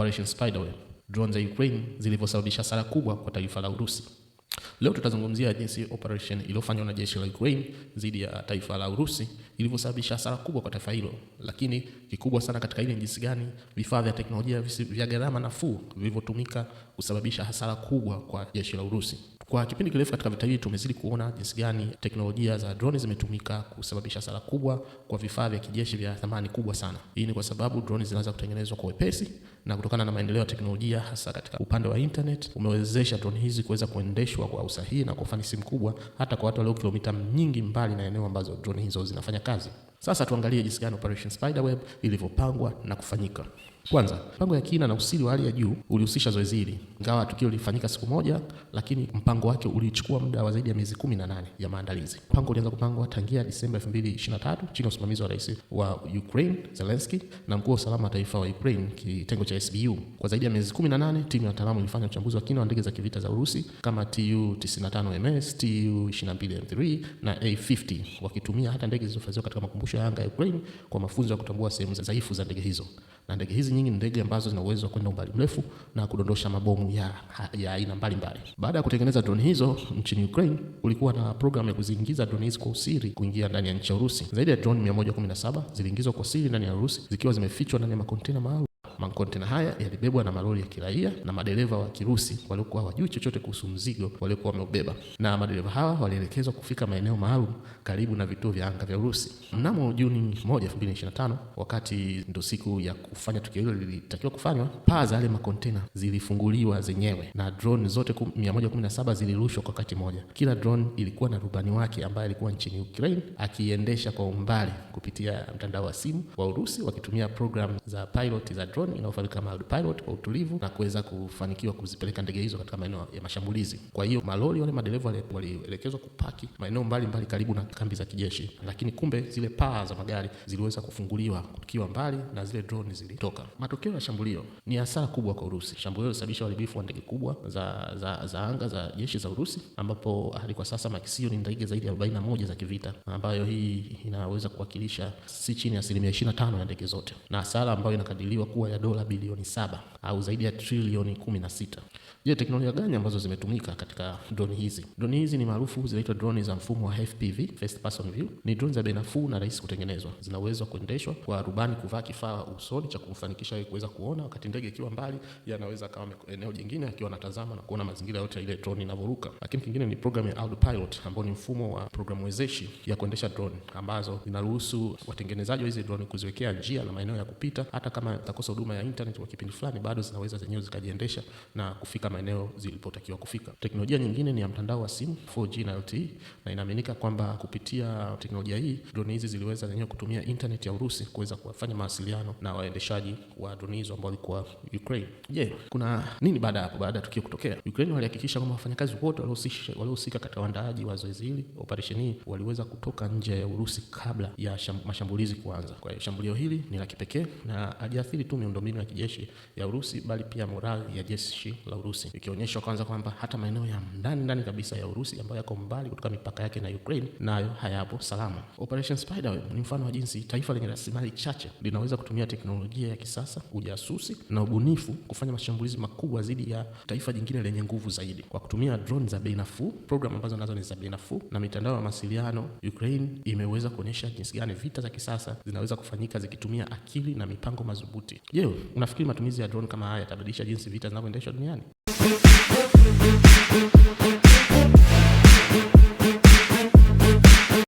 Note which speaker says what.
Speaker 1: Operation Spiderweb, drone za Ukraine zilivyosababisha hasara kubwa kwa taifa la Urusi. Leo tutazungumzia jinsi operation iliyofanywa na jeshi la Ukraine dhidi ya taifa la Urusi ilivyosababisha hasara kubwa kwa taifa hilo, lakini kikubwa sana katika ile, jinsi gani vifaa vya teknolojia vya gharama nafuu vilivyotumika kusababisha hasara kubwa kwa jeshi la Urusi. Kwa kipindi kirefu katika vita hii tumezidi kuona jinsi gani teknolojia za droni zimetumika kusababisha hasara kubwa kwa vifaa vya kijeshi vya thamani kubwa sana. Hii ni kwa sababu droni zinaweza kutengenezwa kwa wepesi na kutokana na maendeleo ya teknolojia hasa katika upande wa internet umewezesha drone hizi kuweza kuendeshwa kwa usahihi na kwa ufanisi mkubwa hata kwa watu walio kilomita nyingi mbali na eneo ambazo drone hizo zinafanya kazi. Sasa tuangalie jinsi gani Operation Spiderweb ilivyopangwa na kufanyika. Kwanza, mpango ya kina na usiri wa hali ya juu ulihusisha zoezi hili. Ingawa tukio lilifanyika siku moja, lakini mpango wake ulichukua muda wa zaidi ya miezi kumi na nane ya maandalizi. Mpango ulianza kupangwa tangia Disemba elfu mbili ishiri na tatu chini ya usimamizi wa rais wa Ukraine zelenski na mkuu wa usalama wa taifa wa Ukraine kitengo cha SBU. Kwa zaidi ya miezi 18 timu ya wataalamu ilifanya uchambuzi wa kina wa ndege za kivita za Urusi kama Tu 95 MS, Tu 22 M3 na A50, wakitumia hata ndege zilizohifadhiwa katika makumbusho ya anga ya Ukraine kwa mafunzo ya kutambua sehemu za dhaifu za ndege hizo. Na ndege hizi nyingi ni ndege ambazo zina uwezo wa kwenda umbali mrefu na kudondosha mabomu ya ya aina mbalimbali. Baada ya kutengeneza droni hizo nchini Ukraine, kulikuwa na programu ya kuziingiza droni hizi kwa usiri kuingia ndani ya nchi ya Urusi. Zaidi ya droni 117 ziliingizwa kwa siri ndani ya Urusi zikiwa zimefichwa ndani ya makontena maalum Makontena haya yalibebwa na malori ya kiraia na madereva wa Kirusi waliokuwa wajui chochote kuhusu mzigo waliokuwa wameubeba, na madereva hawa walielekezwa kufika maeneo maalum karibu na vituo vya anga vya Urusi. Mnamo Juni 1, 2025, wakati ndo siku ya kufanya tukio hilo lilitakiwa kufanywa, paa za yale makontena zilifunguliwa zenyewe na drone zote 117 zilirushwa kwa wakati moja. Kila drone ilikuwa na rubani wake ambaye alikuwa nchini Ukraine akiendesha kwa umbali kupitia mtandao wa simu wa Urusi wakitumia program za pilot za drone drone inayofanyika kama pilot kwa utulivu na kuweza kufanikiwa kuzipeleka ndege hizo katika maeneo ya mashambulizi. Kwa hiyo malori wale madereva walielekezwa kupaki maeneo mbalimbali karibu na kambi za kijeshi, lakini kumbe zile paa za magari ziliweza kufunguliwa tukiwa mbali na zile drone zilitoka. Matokeo ya shambulio ni hasara kubwa kwa Urusi. Shambulio lilisababisha uharibifu wa ndege kubwa za, za, za anga za jeshi za Urusi, ambapo hadi kwa sasa makisio ni ndege zaidi ya moja za kivita, ambayo hii inaweza kuwakilisha si chini ya asilimia 25 ya ndege zote na hasara ambayo inakadiriwa kuwa ya dola bilioni saba au zaidi ya trilioni kumi na sita. Je, teknolojia gani ambazo zimetumika katika droni hizi? Droni hizi ni maarufu, zinaitwa droni za mfumo wa FPV, first person view. Ni droni za bei nafuu na rahisi kutengenezwa, zina uwezo wa kuendeshwa kwa rubani kuvaa kifaa usoni cha kumfanikisha e kuweza kuona wakati ndege ikiwa mbali, yeye anaweza kama eneo jingine akiwa anatazama na kuona mazingira yote ile droni inavyoruka. Lakini kingine ni programu ya pilot ambao ni mfumo wa programu wezeshi ya kuendesha droni ambazo zinaruhusu watengenezaji wa hizi droni kuziwekea njia na maeneo ya kupita hata kama takosa huduma huduma ya internet kwa kipindi fulani, bado zinaweza zenyewe zikajiendesha na kufika maeneo zilipotakiwa kufika. Teknolojia nyingine ni ya mtandao wa simu 4G na LTE, na inaaminika kwamba kupitia teknolojia hii droni hizi ziliweza zenyewe kutumia internet ya Urusi kuweza kuwafanya mawasiliano na waendeshaji wa droni hizo ambao walikuwa Ukraine. Je, yeah, kuna nini baada ya hapo? Baada ya tukio kutokea, Ukraine walihakikisha kwamba wafanyakazi wote waliohusika katika uandaaji wa zoezi hili, operesheni hii, waliweza kutoka nje ya Urusi kabla ya sham, mashambulizi kuanza. Kwa hiyo shambulio hili ni la kipekee na hajiathiri tu miundo miundombinu ya kijeshi ya Urusi bali pia morali ya jeshi la Urusi, ikionyesha kwanza kwamba hata maeneo ya ndani ndani kabisa ya Urusi ambayo yako mbali kutoka mipaka yake na Ukraine nayo hayapo salama. Operation Spiderweb ni mfano wa jinsi taifa lenye rasilimali chache linaweza kutumia teknolojia ya kisasa, ujasusi na ubunifu kufanya mashambulizi makubwa dhidi ya taifa jingine lenye nguvu zaidi kwa kutumia drone za bei nafuu, programu ambazo nazo ni za bei nafuu na mitandao ya mawasiliano. Ukraine imeweza kuonyesha jinsi gani vita za kisasa zinaweza kufanyika zikitumia akili na mipango madhubuti. Je, unafikiri matumizi ya drone kama haya yatabadilisha jinsi vita zinavyoendeshwa duniani?